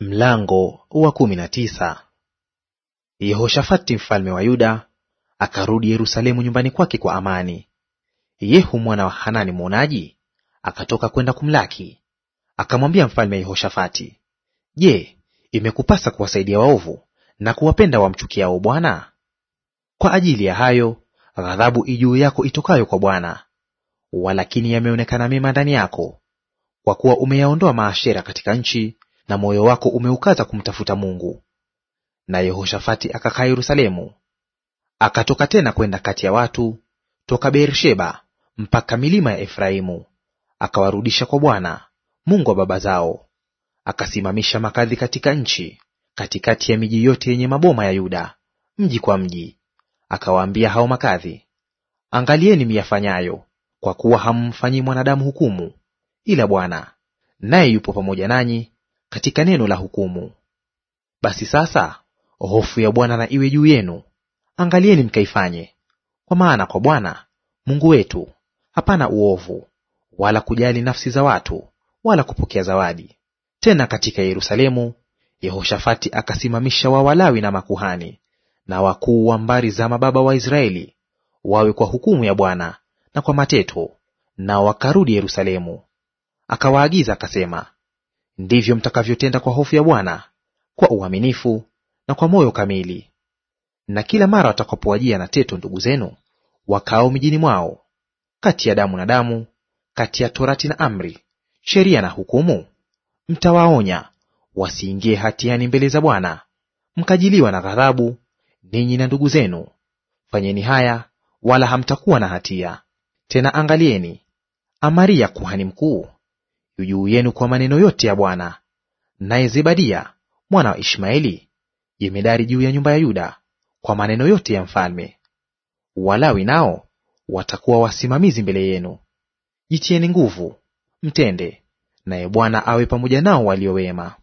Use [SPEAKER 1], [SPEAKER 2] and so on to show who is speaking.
[SPEAKER 1] Mlango wa kumi na tisa. Yehoshafati mfalme wa Yuda akarudi Yerusalemu nyumbani kwake kwa amani. Yehu mwana wa Hanani mwonaji akatoka kwenda kumlaki, akamwambia mfalme Yehoshafati, Je, imekupasa kuwasaidia waovu na kuwapenda wamchukiao Bwana? Kwa ajili ya hayo ghadhabu ijuu yako itokayo kwa Bwana. Walakini yameonekana mema ndani yako, kwa kuwa umeyaondoa maashera katika nchi na moyo wako umeukaza kumtafuta Mungu. Na Yehoshafati akakaa Yerusalemu, akatoka tena kwenda kati ya watu toka Beersheba mpaka milima ya Efraimu, akawarudisha kwa Bwana Mungu wa baba zao. Akasimamisha makadhi katika nchi, katikati ya miji yote yenye maboma ya Yuda, mji kwa mji. Akawaambia hao makadhi, angalieni miyafanyayo, kwa kuwa hammfanyi mwanadamu hukumu ila Bwana, naye yupo pamoja nanyi katika neno la hukumu. Basi sasa hofu ya Bwana na iwe juu yenu, angalieni mkaifanye. Kwa maana kwa Bwana Mungu wetu hapana uovu, wala kujali nafsi za watu, wala kupokea zawadi. Tena katika Yerusalemu Yehoshafati akasimamisha wawalawi na makuhani na wakuu wa mbari za mababa wa Israeli wawe kwa hukumu ya Bwana na kwa mateto, nao wakarudi Yerusalemu. Akawaagiza akasema, ndivyo mtakavyotenda kwa hofu ya Bwana, kwa uaminifu na kwa moyo kamili. Na kila mara watakapowajia na teto ndugu zenu wakao mjini mwao, kati ya damu na damu, kati ya torati na amri, sheria na hukumu, mtawaonya wasiingie hatiani mbele za Bwana, mkajiliwa na ghadhabu, ninyi na ndugu zenu. Fanyeni haya, wala hamtakuwa na hatia. Tena angalieni, Amaria kuhani mkuu juu yenu kwa maneno yote ya Bwana. Naye Zebadia mwana wa Ishmaeli jemedari juu ya nyumba ya Yuda kwa maneno yote ya mfalme. Walawi nao watakuwa wasimamizi mbele yenu. Jitieni nguvu, mtende, naye Bwana awe pamoja nao walio wema.